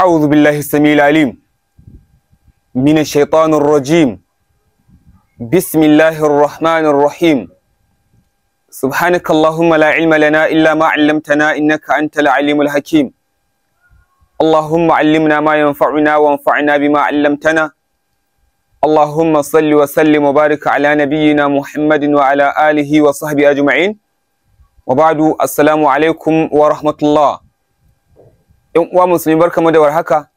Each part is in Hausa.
أعوذ بالله السميع العليم من الشيطان الرجيم بسم الله الرحمن الرحيم سبحانك اللهم لا علم لنا إلا ما علمتنا إنك أنت العليم الحكيم اللهم علمنا ما ينفعنا وانفعنا بما علمتنا اللهم صل وسلم وبارك على نبينا محمد وعلى آله وصحبه أجمعين وبعد السلام عليكم ورحمة الله 'yan uwa musulmi barkamu da warhaka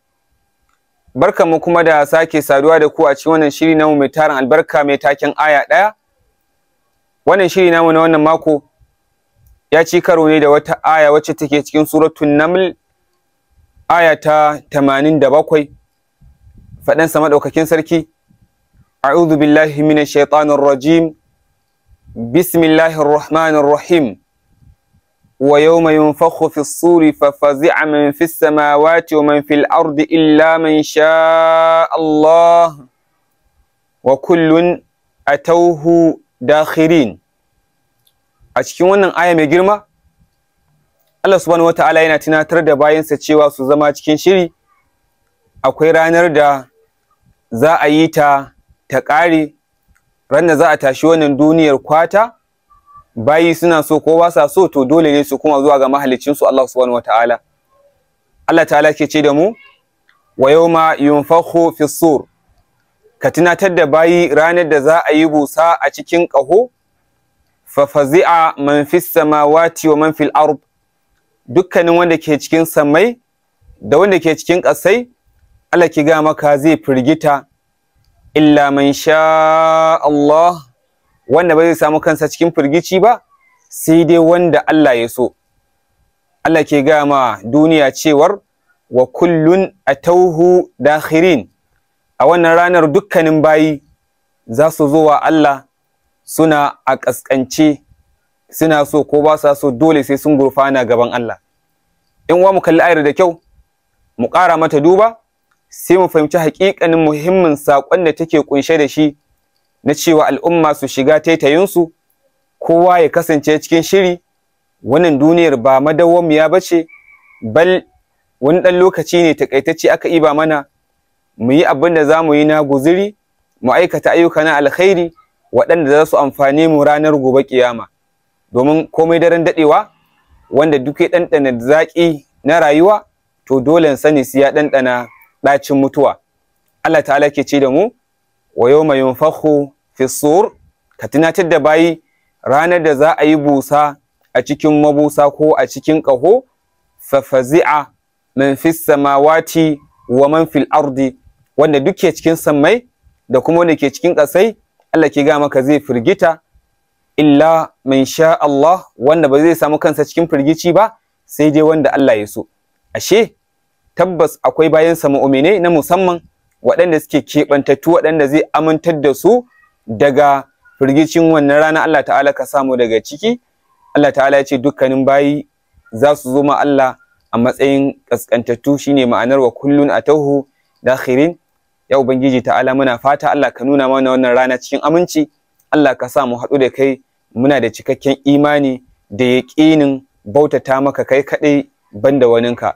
barkamu kuma da sake saduwa da ku a cikin wannan shiri namu mai tarin albarka mai taken aya ɗaya wannan shiri namu na wannan mako ya ci karo ne da wata aya wacce take cikin suratun naml aya ta bakwai faɗan sama ɗaukakin sarki a'udhu billahi minash shaitanir rajim bismillahir rahmanir rahim ويوم ينفخ في الصور ففزع من في السماوات ومن في الأرض إلا من شاء الله da khirin. A cikin wannan aya mai girma Allah wata wataala yana tunatar da bayansa cewa su zama cikin shiri akwai ranar da za a yi ta ta ƙare da za a tashi wannan duniyar kwata bayi suna so ko ba sa so to dole ne su kuma zuwa ga su Allah subhanahu wataala Allah ta'ala ke ce da mu wa yawma yunfakhu fi sur ka tunatar da bayi ranar da za a yi busa a cikin ƙaho fa fazi'a man fi samawati wa man fil ard dukkanin wanda ke cikin samai da wanda ke cikin ƙasai Allah ki ga maka zai firgita illa man sha Allah wanda ba zai samu kansa cikin firgici ba sai dai wanda Allah ya so Allah ke gaya ma duniya cewar wa kullun atauhu dakhirin a wannan ranar dukkanin bayi za su zo wa Allah suna a ƙasƙance suna so ko ba sa so dole sai sun gurfana gaban Allah in wa mu kalli ayar da kyau mu ƙara mata duba sai mu fahimci haƙiƙanin muhimmin saƙon da take ƙunshe da shi na cewa al'umma su shiga taitayinsu kowa ya kasance cikin shiri wannan duniyar ba madawwamiya ba ce bal wani ɗan lokaci ne takaitacce aka iba mana mu yi abin da za mu yi na guziri mu aikata ayyuka na alkhairi waɗanda za su amfane mu ranar gobe kiyama domin komai daren daɗewa wanda duk ya ɗanɗana zaƙi na rayuwa to dole sani su ya ɗanɗana ɗacin mutuwa Allah ta'ala ke ce da mu wa yawma yunfakhu fisur ka tunatar da bayi ranar da za a yi busa a cikin mabusa ko a cikin ƙaho fafazi'a man fis samawati wa man fil ardi wanda duk ke cikin samai da kuma wanda ke cikin ƙasai Allah ke ga maka zai firgita illa man sha Allah wanda ba zai samu kansa cikin firgici ba sai dai wanda Allah ya so ashe tabbas akwai bayan sa mu'mine na musamman waɗanda suke keɓantattu waɗanda zai amintar da su daga firgicin wannan rana Allah ta'ala ka samu daga ciki Allah ta'ala ya ce dukkanin bayi za su zo ma Allah a matsayin kaskantattu shine ma'anar wa kullun atahu dakhirin ya ubangiji ta'ala muna fata Allah ka nuna mana wannan rana cikin aminci Allah ka sa mu haɗu da kai muna da cikakken imani da yaƙinin bautata maka kai kaɗai banda waninka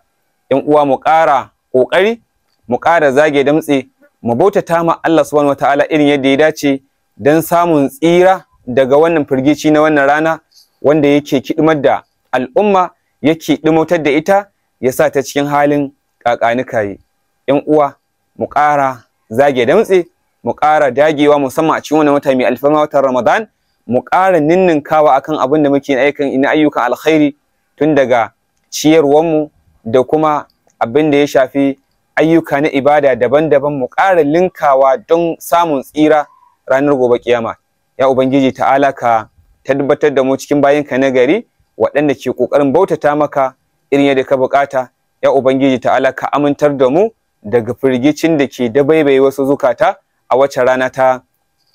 yan uwa mu ƙara ƙoƙari mu ƙara zage damtse mu bautata ma Allah subhanahu wataala irin yadda ya dace don samun tsira daga wannan firgici na wannan rana wanda yake kidimar da al'umma yake ɗimautar da ita ya sa ta cikin halin ƙaƙanikaye yan uwa mu ƙara zage da mutse, mu ƙara dagewa musamman a cikin wannan wata mai alfarma watan ramadan mu ƙara ninninkawa akan abin da muke aikin ina ayyukan alkhairi tun daga ciyarwanmu da kuma abin da ya shafi ayyuka na ibada daban-daban mu ƙara linkawa don samun tsira ranar gobe kiyama ya ubangiji ta'ala ka tabbatar da mu cikin bayin na gari waɗanda ke ƙoƙarin bautata maka irin yadda ka buƙata ya ubangiji ta'ala ka amintar da mu daga firgicin da ke dabaibaye wasu zukata a wacce rana ta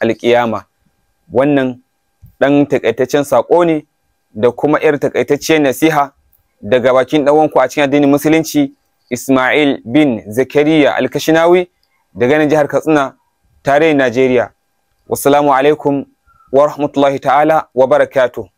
alƙiyama wannan ɗan takaitaccen saƙo ne da kuma 'yar takaitacciyar nasiha daga bakin ɗanwanku a cikin addinin musulunci Ismail bin Zakariya Alkashinawi daga nan jihar Katsina tarayyar Najeriya Wassalamu alaikum wa rahmatullahi ta'ala wa barakatuh.